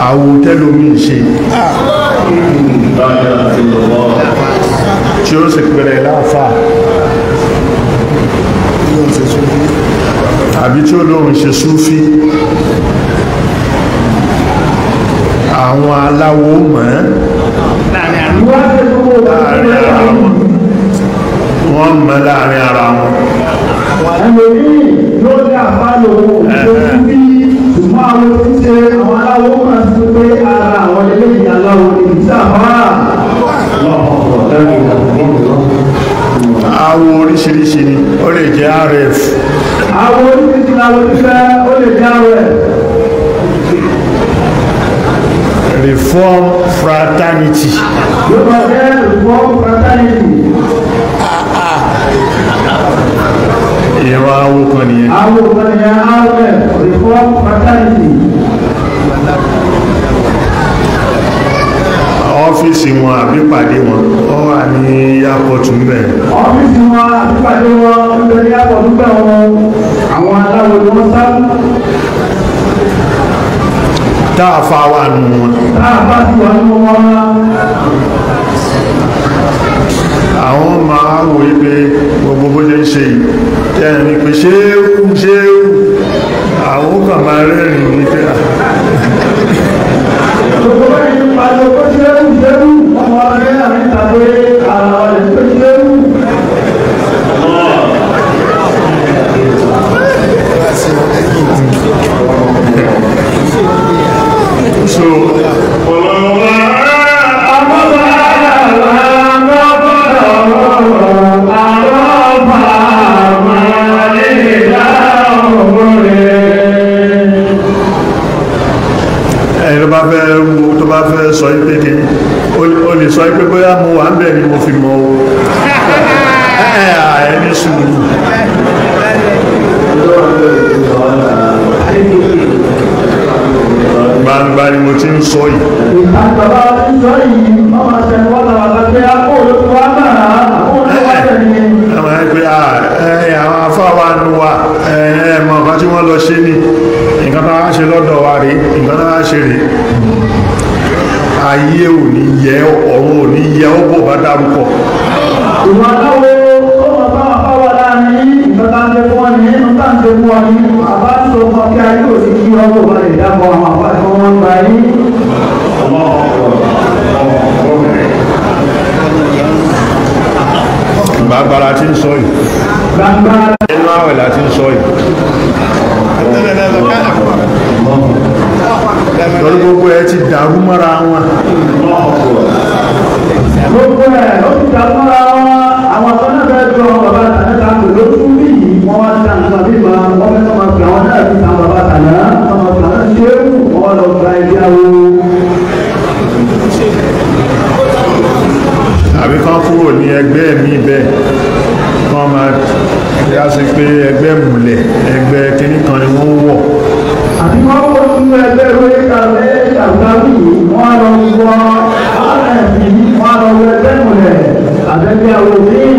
àwò tẹ́lómi ṣe tí ó sì pẹ̀rẹ̀ láàfà àbí tí ó lóhun ṣe súnfí àwọn aláwo mọ̀ láàrin ara wọn wọ́n mọ̀ láàrin ara wọn awo oríṣiríṣi ni ó lè jẹ́ rf. awo oríṣiríṣi la wọ́n ti fẹ́ ó lè jẹ́ rf. reform fraternity. yóò máa jẹ́ reform fraternity. ọ́fíìsì wọn àbí pàdé wọn ọ wà ní yàpọ̀tù ńbẹ̀. ọ́fíìsì wọn àbí pàdé wọn ń bẹ ní yàpọ̀tù ńbẹ̀ wọn àwọn aláwọ̀ ni wọ́n sá. tá a fa wa nù wọn. tá a bá ti wà nù wọn. àwọn máa wò ó pé gbogbo bó ṣe ń ṣe yìí tẹ́ ẹ̀rín pé ṣé ó ṣe é àwọn kan máa rẹ́rìn-ín nígbà. Thank you abẹ́rẹ́ àmì tàbí àrà ìpínlẹ̀ wù. So o lè sọ pé bóyá mo wà ń bẹ̀ ni mo fi mọ o ẹni sùúrù gbangba ni mo ti ń sọ yìí. ìgbàgbọ́ ti sọ yìí ọmọ ṣẹ̀wọ́n náà lọ́gbẹ́ àpò olóko wa náà àpò olóko wa tẹ̀lé. àwọn ẹgbẹ́ àwọn afáwa nu wa mọ̀ nǹkan tí wọ́n lọ ṣe ni nǹkan tá a ṣe lọ́dọ̀ wa rèé nǹkan tá a ṣe rèé ayé ò ní yẹ ọ̀run ò ní yẹ ọ́ bò bá dárúkọ. ìwà táwọn èrò tó wà táwọn afáwà láàrin nǹkan tá a ṣe fún ọ ní nínú tá a ṣe fún ọ ní àbá tó kọ kí ayé ò sí kí ọ́ bò bá lè dábọ̀ àwọn àbá tó wọ́n gbà yín. gbagbara tí ń sọ yìí ẹnu àwẹ̀ la tí ń sọ yìí lórí gbogbo ẹ ti dàrú mọ́ra wọn. gbogbo ẹ ó ti dàrú mọ́ra wọn àwọn kan náà fẹ́ẹ́ jọ bàbá àtàlẹ́ ta kò lójú bí yìí wọ́n wá sí àwọn àbí ma wọ́n fẹ́ sọ́mọ pé àwọn náà ti ta bàbá àtàlẹ́ sọ́mọ pé àwọn ṣé wọ́n lọ gba ẹgbẹ́ awo. àbí kan kúrò ní ẹgbẹ́ mi bẹ́ẹ̀ kan máa yá sí pé ẹgbẹ́ múlẹ̀ ẹgbẹ́ kínní ni wọ́n wọ̀. àbí wọ́n wọ̀ nínú ẹgbẹ́ wọlé kalẹ̀ ṣàgbáwì wọn lọ wọ ẹ̀mí wọn lọ wọ ẹgbẹ́ mọ̀lẹ́ àbẹ́bí àwọn òbí.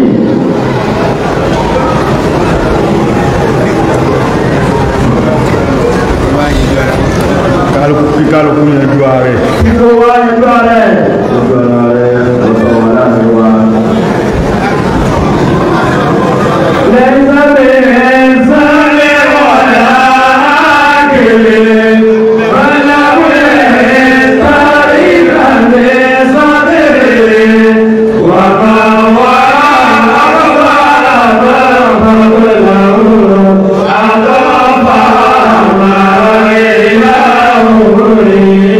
Amém.